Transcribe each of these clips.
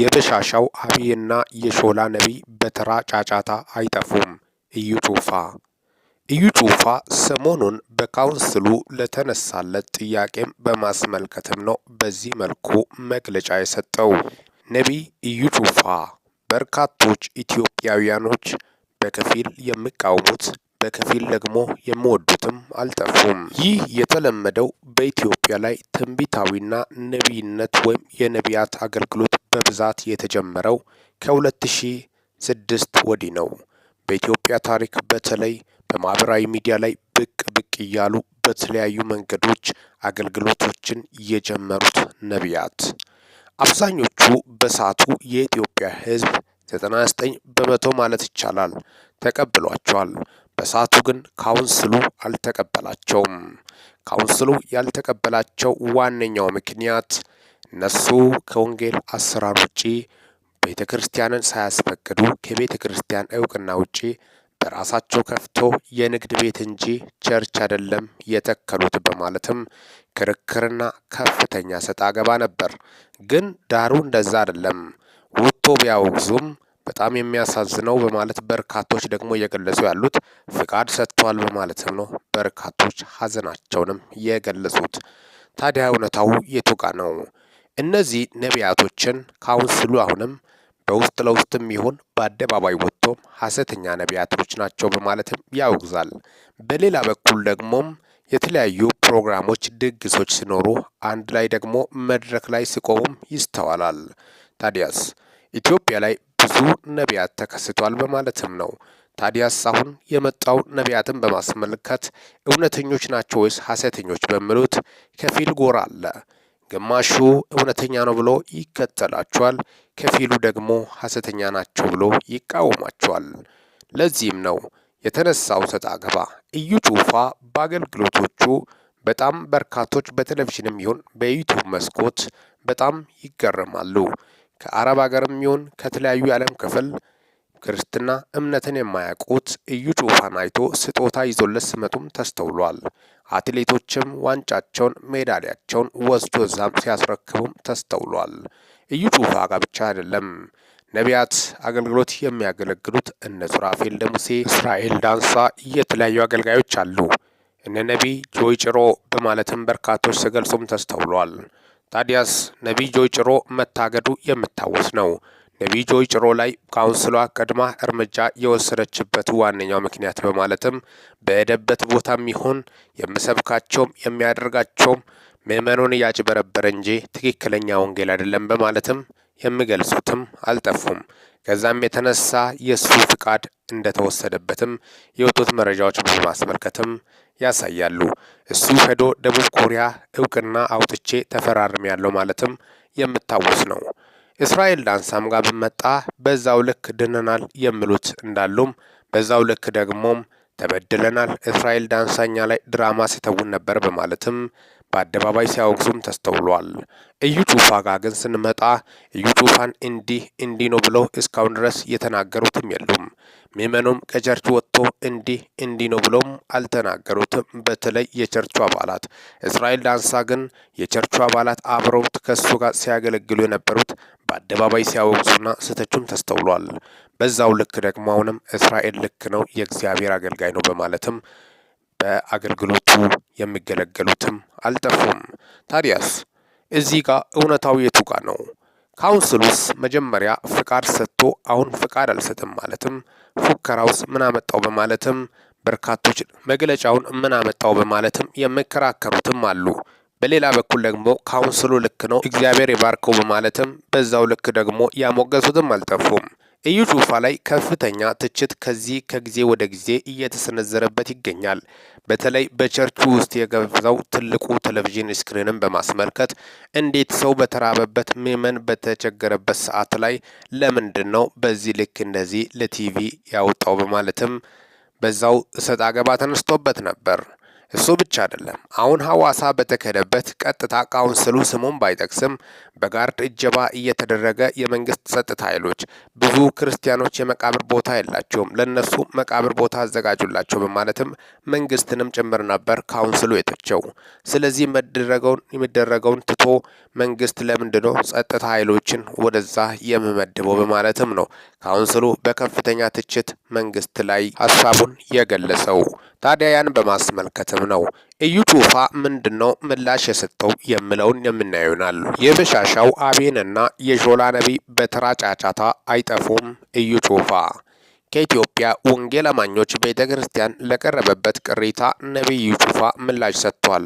የበሻሻው አብይና የሾላ ነቢይ በተራ ጫጫታ አይጠፉም። ኢዩ ጩፋ ጩፋ ሰሞኑን በካውንስሉ ለተነሳለት ጥያቄም በማስመልከትም ነው በዚህ መልኩ መግለጫ የሰጠው። ነቢይ እዩ ጩፋ በርካቶች ኢትዮጵያውያኖች በከፊል የሚቃወሙት በከፊል ደግሞ የሚወዱትም አልጠፉም። ይህ የተለመደው በኢትዮጵያ ላይ ትንቢታዊና ነቢይነት ወይም የነቢያት አገልግሎት በብዛት የተጀመረው ከ2006 ወዲህ ነው። በኢትዮጵያ ታሪክ በተለይ በማህበራዊ ሚዲያ ላይ ብቅ ብቅ እያሉ በተለያዩ መንገዶች አገልግሎቶችን የጀመሩት ነቢያት አብዛኞቹ በሰዓቱ የኢትዮጵያ ሕዝብ 99 በመቶ ማለት ይቻላል ተቀብሏቸዋል። በሰዓቱ ግን ካውንስሉ አልተቀበላቸውም። ካውንስሉ ያልተቀበላቸው ዋነኛው ምክንያት እነሱ ከወንጌል አሰራር ውጪ ቤተ ክርስቲያንን ሳያስፈቅዱ ከቤተ ክርስቲያን እውቅና ውጪ በራሳቸው ከፍቶ የንግድ ቤት እንጂ ቸርች አይደለም የተከሉት በማለትም ክርክርና ከፍተኛ ሰጣ ገባ ነበር። ግን ዳሩ እንደዛ አይደለም ውቶ ቢያወግዙም በጣም የሚያሳዝነው በማለት በርካቶች ደግሞ እየገለጹ ያሉት ፍቃድ ሰጥቷል በማለትም ነው። በርካቶች ሀዘናቸውንም የገለጹት። ታዲያ እውነታው የቱ ጋ ነው? እነዚህ ነቢያቶችን ካውንስሉ አሁንም በውስጥ ለውስጥም ይሁን በአደባባይ ወጥቶ ሐሰተኛ ነቢያቶች ናቸው በማለትም ያወግዛል። በሌላ በኩል ደግሞም የተለያዩ ፕሮግራሞች፣ ድግሶች ሲኖሩ አንድ ላይ ደግሞ መድረክ ላይ ሲቆሙም ይስተዋላል። ታዲያስ ኢትዮጵያ ላይ ብዙ ነቢያት ተከስቷል በማለትም ነው። ታዲያስ አሁን የመጣው ነቢያትን በማስመልከት እውነተኞች ናቸው ወይስ ሐሰተኞች በሚሉት ከፊል ጎራ አለ። ግማሹ እውነተኛ ነው ብሎ ይከተላቸዋል፣ ከፊሉ ደግሞ ሐሰተኛ ናቸው ብሎ ይቃወማቸዋል። ለዚህም ነው የተነሳው ሰጣ አገባ እዩ ጩፋ በአገልግሎቶቹ በጣም በርካቶች በቴሌቪዥንም ይሁን በዩቱብ መስኮት በጣም ይገረማሉ። ከአረብ ሀገርም ይሁን ከተለያዩ የዓለም ክፍል ክርስትና እምነትን የማያውቁት እዩ ጩፋን አይቶ ስጦታ ይዞለት ሲመጡም ተስተውሏል። አትሌቶችም ዋንጫቸውን፣ ሜዳሊያቸውን ወስዶ እዛም ሲያስረክቡም ተስተውሏል። እዩ ጩፋ ጋር ብቻ አይደለም ነቢያት አገልግሎት የሚያገለግሉት እነ ሱራፌል ደሙሴ፣ እስራኤል ዳንሳ የተለያዩ አገልጋዮች አሉ። እነ ነቢይ ጆይ ጭሮ በማለትም በርካቶች ሲገልጹም ተስተውሏል። ታዲያስ ነቢይ ጆይ ጭሮ መታገዱ የምታወስ ነው። ነቢይ ጆይ ጭሮ ላይ ካውንስሏ ቀድማ እርምጃ የወሰደችበት ዋነኛው ምክንያት በማለትም በሄደበት ቦታም ይሁን የምሰብካቸውም የሚያደርጋቸውም ምእመኑን እያጭበረበረ እንጂ ትክክለኛ ወንጌል አይደለም በማለትም የሚገልጹትም አልጠፉም። ከዛም የተነሳ የእሱ ፍቃድ እንደተወሰደበትም የወጡት መረጃዎች በማስመልከትም ያሳያሉ። እሱ ሄዶ ደቡብ ኮሪያ እውቅና አውጥቼ ተፈራርሜ ያለው ማለትም የምታወስ ነው። እስራኤል ዳንሳም ጋር ብመጣ በዛው ልክ ድነናል የሚሉት እንዳሉም በዛው ልክ ደግሞም ተበድለናል፣ እስራኤል ዳንሳኛ ላይ ድራማ ሲተውን ነበር በማለትም በአደባባይ ሲያወግዙም ተስተውሏል። እዩ ጩፋ ጋር ግን ስንመጣ እዩ ጩፋን እንዲህ እንዲህ ነው ብለው እስካሁን ድረስ የተናገሩትም የሉም። ምዕመኑም ከቸርች ወጥቶ እንዲህ እንዲህ ነው ብለውም አልተናገሩትም። በተለይ የቸርቹ አባላት እስራኤል ዳንሳ ግን የቸርቹ አባላት አብረውት ከእሱ ጋር ሲያገለግሉ የነበሩት በአደባባይ ሲያወግዙና ስህተቹም ተስተውሏል። በዛው ልክ ደግሞ አሁንም እስራኤል ልክ ነው የእግዚአብሔር አገልጋይ ነው በማለትም በአገልግሎቱ የሚገለገሉትም አልጠፉም። ታዲያስ እዚህ ጋር እውነታው የቱ ጋ ነው? ካውንስሉስ መጀመሪያ ፍቃድ ሰጥቶ አሁን ፍቃድ አልሰጥም ማለትም ፉከራውስ ምን አመጣው በማለትም በርካቶች መግለጫውን ምን አመጣው በማለትም የሚከራከሩትም አሉ። በሌላ በኩል ደግሞ ካውንስሉ ልክ ነው እግዚአብሔር ይባርከው በማለትም በዛው ልክ ደግሞ ያሞገሱትም አልጠፉም። እዩ ጩፋ ላይ ከፍተኛ ትችት ከዚህ ከጊዜ ወደ ጊዜ እየተሰነዘረበት ይገኛል። በተለይ በቸርቹ ውስጥ የገዛው ትልቁ ቴሌቪዥን ስክሪንን በማስመልከት እንዴት ሰው በተራበበት ምዕመን በተቸገረበት ሰዓት ላይ ለምንድን ነው በዚህ ልክ እንደዚህ ለቲቪ ያወጣው በማለትም በዛው እሰጥ አገባ ተነስቶበት ነበር። እሱ ብቻ አይደለም። አሁን ሐዋሳ በተከደበት ቀጥታ ካውንስሉ ስሙን ባይጠቅስም በጋርድ እጀባ እየተደረገ የመንግስት ጸጥታ ኃይሎች ብዙ ክርስቲያኖች የመቃብር ቦታ የላቸውም፣ ለእነሱ መቃብር ቦታ አዘጋጁላቸው በማለትም መንግስትንም ጭምር ነበር ካውንስሉ የተቸው። ስለዚህ የሚደረገውን ትቶ መንግስት ለምንድነው ጸጥታ ኃይሎችን ወደዛ የሚመድበው በማለትም ነው ካውንስሉ በከፍተኛ ትችት መንግስት ላይ ሀሳቡን የገለጸው። ታዲያ ያን በማስመልከትም ነው። እዩ ጩፋ ምንድን ነው ምላሽ የሰጠው የምለውን የምናየው የበሻሻው አቤንና የሾላ ነቢ በተራ ጫጫታ አይጠፉም። እዩ ጩፋ ከኢትዮጵያ ወንጌል አማኞች ቤተ ክርስቲያን ለቀረበበት ቅሬታ ነቢይ እዩ ጩፋ ምላሽ ሰጥቷል።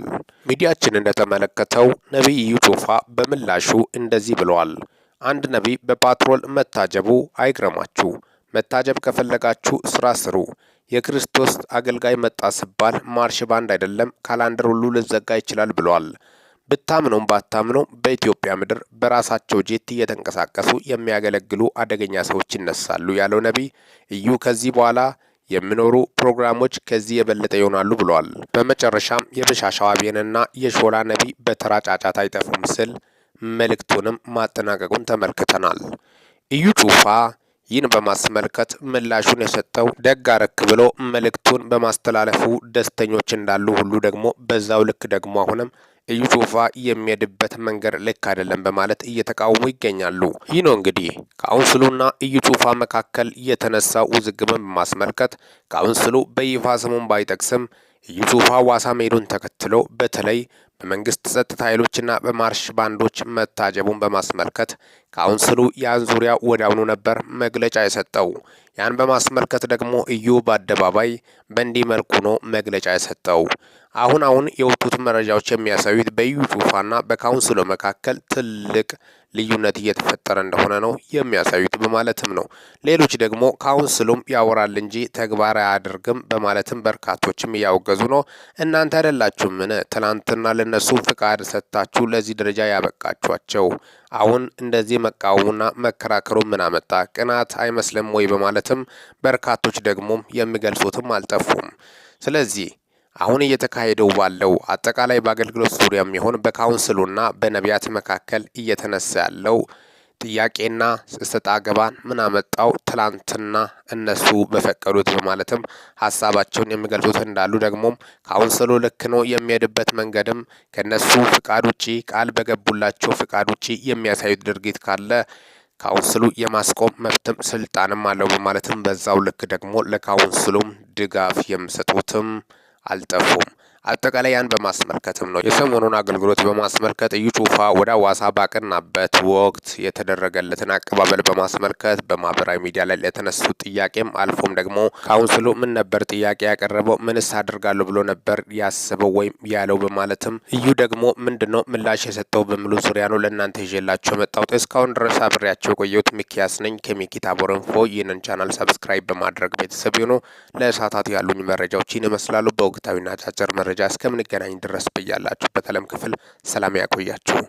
ሚዲያችን እንደተመለከተው ነቢይ እዩ ጩፋ በምላሹ እንደዚህ ብለዋል። አንድ ነቢይ በፓትሮል መታጀቡ አይግረማችሁ። መታጀብ ከፈለጋችሁ ስራ ስሩ። የክርስቶስ አገልጋይ መጣ ስባል ማርሽ ባንድ አይደለም ካላንደር ሁሉ ልዘጋ ይችላል ብሏል። ብታምነውም ባታምነው በኢትዮጵያ ምድር በራሳቸው ጄት እየተንቀሳቀሱ የሚያገለግሉ አደገኛ ሰዎች ይነሳሉ ያለው ነቢይ እዩ ከዚህ በኋላ የሚኖሩ ፕሮግራሞች ከዚህ የበለጠ ይሆናሉ ብሏል። በመጨረሻም የበሻሻው አቤንና የሾላ ነቢይ በተራ ጫጫታ አይጠፉም ስል መልእክቱንም ማጠናቀቁን ተመልክተናል። እዩ ጩፋ ይህን በማስመልከት ምላሹን የሰጠው ደግ አረክ ብሎ መልእክቱን በማስተላለፉ ደስተኞች እንዳሉ ሁሉ ደግሞ በዛው ልክ ደግሞ አሁንም ኢዩ ጩፋ የሚሄድበት መንገድ ልክ አይደለም በማለት እየተቃወሙ ይገኛሉ። ይህ ነው እንግዲህ ካውንስሉና ኢዩ ጩፋ መካከል የተነሳው ውዝግብን በማስመልከት ካውንስሉ በይፋ ስሙን ባይጠቅስም ኢዩ ጩፋ ዋሳ መሄዱን ተከትሎ በተለይ በመንግስት ጸጥታ ኃይሎችና በማርሽ ባንዶች መታጀቡን በማስመልከት ካውንስሉ ያን ዙሪያ ወዲያውኑ ነበር መግለጫ የሰጠው። ያን በማስመልከት ደግሞ እዩ በአደባባይ በእንዲህ መልኩ ነው መግለጫ የሰጠው። አሁን አሁን የወጡት መረጃዎች የሚያሳዩት በኢዩ ጩፋና በካውንስሉ መካከል ትልቅ ልዩነት እየተፈጠረ እንደሆነ ነው የሚያሳዩት በማለትም ነው። ሌሎች ደግሞ ካውንስሉም ያወራል እንጂ ተግባራዊ አያደርግም በማለትም በርካቶችም እያወገዙ ነው። እናንተ አይደላችሁም ምን ትናንትና ለነሱ ፍቃድ ሰጥታችሁ ለዚህ ደረጃ ያበቃችኋቸው አሁን እንደዚህ መቃወሙና መከራከሩ ምን አመጣ? ቅናት አይመስልም ወይ? በማለትም በርካቶች ደግሞ የሚገልጹትም አልጠፉም። ስለዚህ አሁን እየተካሄደው ባለው አጠቃላይ በአገልግሎት ዙሪያም ይሆን በካውንስሉና በነቢያት መካከል እየተነሳ ያለው ጥያቄና ሰጣ ገባን ምን አመጣው ትላንትና እነሱ በፈቀዱት በማለትም ሀሳባቸውን የሚገልጹት እንዳሉ ደግሞም ካውንስሉ ልክ ነው የሚሄድበት መንገድም ከነሱ ፍቃድ ውጪ ቃል በገቡላቸው ፍቃድ ውጪ የሚያሳዩት ድርጊት ካለ ካውንስሉ የማስቆም መብትም ስልጣንም አለው በማለትም በዛው ልክ ደግሞ ለካውንስሉም ድጋፍ የሚሰጡትም አልጠፉም። አጠቃላይ ያን በማስመልከትም ነው የሰሞኑን አገልግሎት በማስመልከት እዩ ጩፋ ወደ አዋሳ ባቀናበት ወቅት የተደረገለትን አቀባበል በማስመልከት በማህበራዊ ሚዲያ ላይ ለተነሱ ጥያቄም አልፎም ደግሞ ካውንስሉ ምን ነበር ጥያቄ ያቀረበው ምንስ አድርጋለሁ ብሎ ነበር ያስበው ወይም ያለው በማለትም እዩ ደግሞ ምንድን ነው ምላሽ የሰጠው በሚሉ ዙሪያ ነው ለእናንተ ይዤላቸው የመጣሁት። እስካሁን ድረስ አብሬያቸው የቆየሁት ሚኪያስ ነኝ ከሚኪታ ቦረንፎ። ይህንን ቻናል ሰብስክራይብ በማድረግ ቤተሰብ ሆኖ ለእሳታት ያሉኝ መረጃዎችን ይመስላሉ በወቅታዊና ጫጭር መረ መረጃ እስከምንገናኝ ድረስ በያላችሁበት ዓለም ክፍል ሰላም ያቆያችሁ።